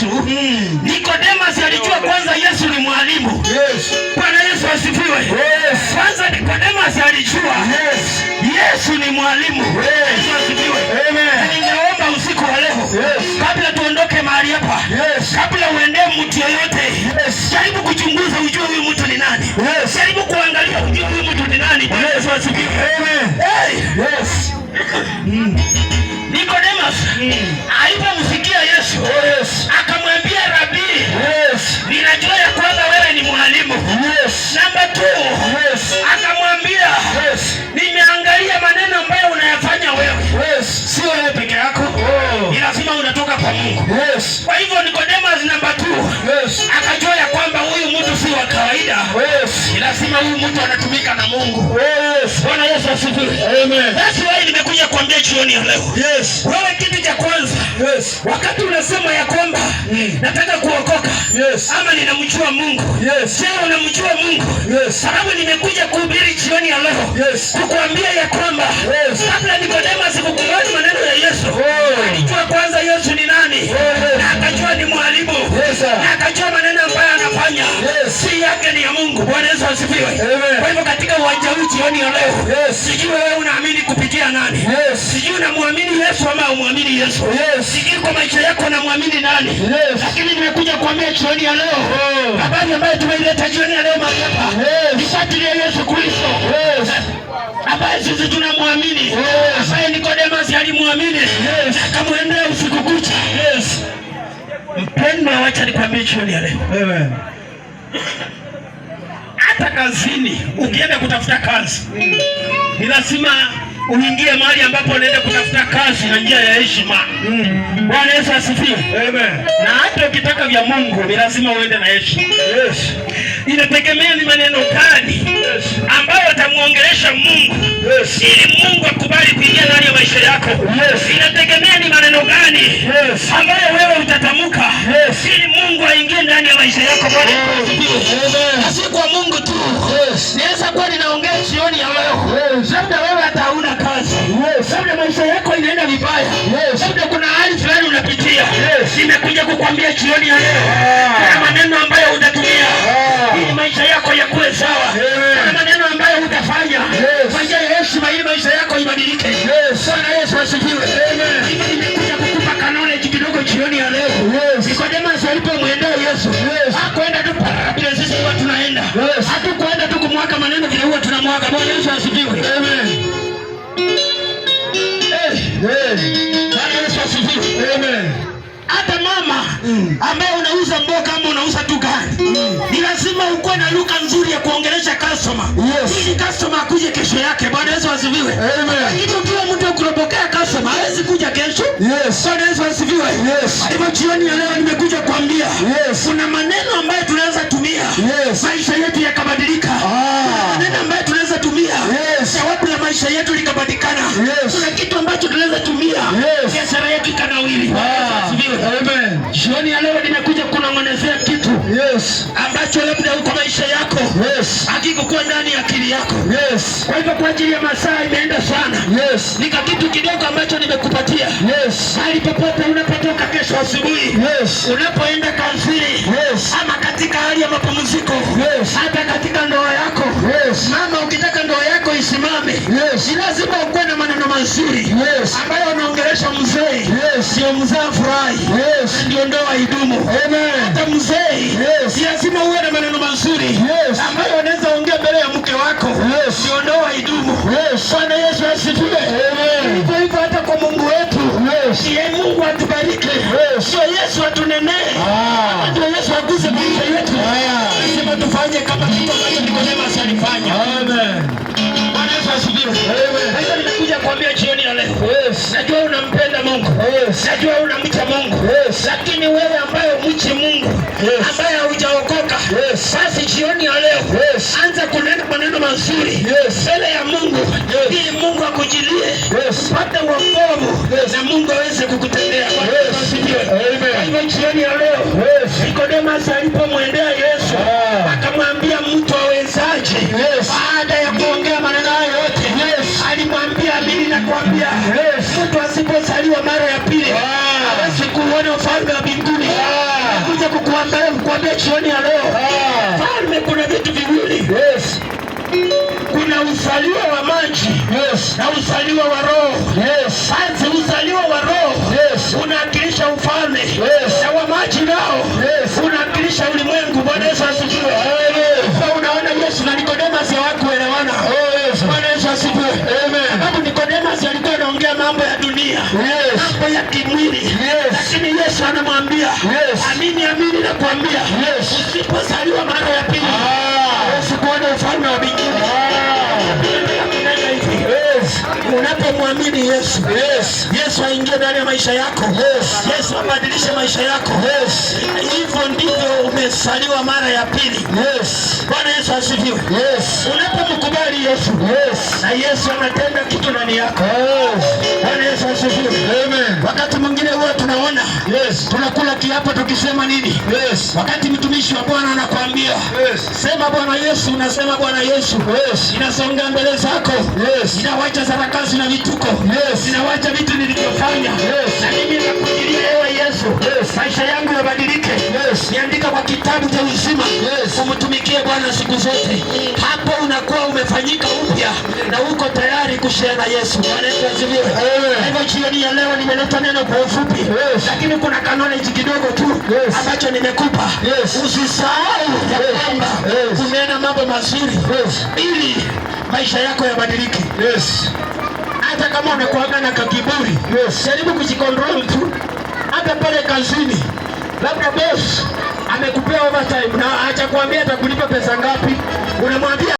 Yesu. Mm. Nikodemas alijua kwanza Yesu ni mwalimu. Yes. Bwana Yesu asifiwe. Yes. Kwanza Nikodemas alijua Yes. Yesu ni mwalimu. Yes. asifiwe. Amen. Ninaomba usiku wa leo. Yes. Kabla tuondoke mahali hapa. Yes. Kabla uende mtu yoyote. Yes. Jaribu kuchunguza ujue huyu mtu ni nani. Yes. Jaribu kuangalia ujue huyu mtu ni nani. Bwana Yesu asifiwe. Amen. Hey. Yes. Mm. kawaida yes. Lazima huyu mtu anatumika na Mungu. yes. Bwana Yesu asifiwe. Amen. That's why nimekuja kuambia jioni ya leo. Yes. Wewe kitu cha kwanza. Yes. Wakati unasema ya kwamba mm. nataka kuokoka. Yes. Ama ninamjua Mungu. Yes. Je, unamjua Mungu? Yes. Sababu nimekuja kuhubiri jioni ya leo. Yes. Kukuambia ya kwamba yes. Kabla Nikodemo sikukubali maneno ya Yesu. Oh. Alijua kwanza Yesu ni nani? Oh, yes. Na akajua ni mwalimu. Yes, sir. Yesu asifiwe. Kwa hivyo katika uwanja huu jioni ya leo, sijui wewe unaamini kupitia nani? Sijui unamwamini Yesu ama umwamini Yesu, sijui kwa maisha yako unamwamini nani, lakini nimekuja kuambia jioni ya leo, oh. habari ambayo tumeileta jioni ya leo mahali hapa ni kadiri ya Yesu Kristo ambaye sisi tunamwamini, ambaye Nikodemasi alimwamini akamwendea usiku kucha. Mpendwa, wacha nikwambie jioni ya leo hata kazini ukienda kutafuta kazi ni lazima uingie mahali ambapo unaenda kutafuta kazi na njia ya heshima. Bwana Yesu asifiwe. Amen. Na hata ukitaka vya Mungu ni lazima uende na heshima. Yes. Inategemea ni maneno gani ambayo atamuongelesha Mungu yes, ili Mungu akubali kuingia ndani ya maisha yako. Yes. Inategemea ni maneno gani yes, ambayo wewe utatamka yes, ili Mungu aingie ndani ya maisha yako. Bwana Yesu asifiwe. Kwa Mungu tu. Yes. Naweza kuwa ninaongea jioni ya leo. Yes yes. kuna hali fulani unapitia yes. Nimekuja kukwambia jioni ya leo ah. kuna maneno ambayo utatumia ah. ili maisha yako yakuwe sawa Kuna maneno ambayo utafanya yes. kwa njia ya heshima ili maisha yako ibadilike Bwana Yesu asifiwe. Nimekuja kukupa kanone kidogo jioni ya leo yes. Nikodemus alipomwendea Yesu hakwenda tu vile sisi huwa tunaenda hatukwenda tu kumwaga maneno vile huwa tunamwaga. Bwana Yesu asifiwe. ambaye unauza mboga ama unauza tu gari ni lazima ukuwe na lugha nzuri ya kuongelesha customer yes. ili customer akuje kesho yake. Bwana Yesu asifiwe. Amen. Ili ukiwa mtu akuropokea customer hawezi kuja kesho. Yes. Bwana Yesu asifiwe. Yes. Hivyo jioni ya leo nimekuja kuambia yes. kuna maneno ambayo tunaweza tumia yes. maisha yetu yakabadilika. Ah. maneno ambayo tunaweza tumia yes. sababu ya maisha yetu likabadilikana. Yes. kuna kitu ambacho tunaweza tumia yes. biashara yetu ikanawili. Ah. Amen. Jioni ya leo nimekuja kunong'onezea kitu yes, ambacho labda huko maisha yako yes, hakikukuwa ndani ya akili yako yes. Kwa hivyo kwa ajili ya masaa imeenda sana yes, nika kitu kidogo ambacho nimekupatia yes. Hali popote unapotoka kesho asubuhi yes, unapoenda kazini yes, ama katika hali ya mapumziko yes, hata katika ndoa yako yes, mama, ukitaka ndoa yako isimame yes, ni lazima ukuwe na maneno mazuri yes, ambayo unaongelesha mzee yes. Yes. Mzaa Yes. Ndio ndoa idumu. Amen. Hata mzee. Yes. lazima uwe na maneno mazuri. Yes. Ambayo unaweza ongea mbele ya mke wako. Yes. Ndio ndoa idumu. Yes. Bwana Yesu asifiwe. Amen. Hivyo hivyo hata kwa Mungu wetu. Yes. Yeye Mungu atubariki. Yes. Sio Yesu atunenee. Ah. Ndio Yesu akuse maisha yetu. Haya. Ah. Sema tufanye kama kitu ambacho Nikodemo alifanya. Amen. Yesu Sasa ninakuja kuambia jioni ya leo, najua unampenda Mungu, najua unamcha Mungu, lakini wewe ambaye umchi Mungu, ambaye haujaokoka, basi jioni ya leo anza kunena maneno mazuri mbele ya Mungu ili Mungu akujilie upate wokovu na Mungu aweze kukutendea Eh, mtu asipozaliwa mara ya pili ah. hawezi kuuona ufalme wa mbinguni. Ah. Kuja kukuambia mkuambia jioni ya leo, ah. falme kuna vitu viwili kuna uzaliwa wa maji na uzaliwa wa roho Sasa uzaliwa wa roho yes, unawakilisha ufalme na wa maji nao yes, unawakilisha ulimwengu. Bwana Yesu asifiwe. yes. mambo ya kimwili yes. Lakini Yesu anamwambia yes. Amini, amini nakwambia yes. Usipozaliwa mara ya pili huwezi ah. kuona ufalme wa mbinguni. Ah. Unapomwamini Yesu yes. Yesu aingie ndani ya maisha yako yes. Yesu abadilishe maisha yako hivyo Ndivyo kuzaliwa mara ya pili. Yes. Bwana Yesu asifiwe. Yes. Unapomkubali Yesu. Yes. Na Yesu anatenda kitu ndani yako. Yes. Bwana Yesu asifiwe. Amen. Wakati mwingine huwa tunaona Yes. Tunakula kiapo tukisema nini? Yes. Wakati mtumishi wa Bwana anakuambia Yes. Sema Bwana Yesu, unasema Bwana Yesu. Yes. Inasonga mbele zako. Yes. Inawacha sarakasi na vituko. Yes. Inawacha vitu nilivyofanya. Yes. umefanyika upya na uko tayari kushare na Yesu. Hivyo jioni ya leo nimeleta neno kwa ufupi, lakini kuna kanone kidogo tu ambacho nimekupa. Usisahau ya kwamba kunena mambo mazuri ili maisha yako yabadilike. Yes. Hata kama unakuaga na kakiburi, yes, jaribu kujikontrol tu. Hata pale kazini, labda boss amekupea overtime na hajakwambia atakulipa pesa ngapi, unamwambia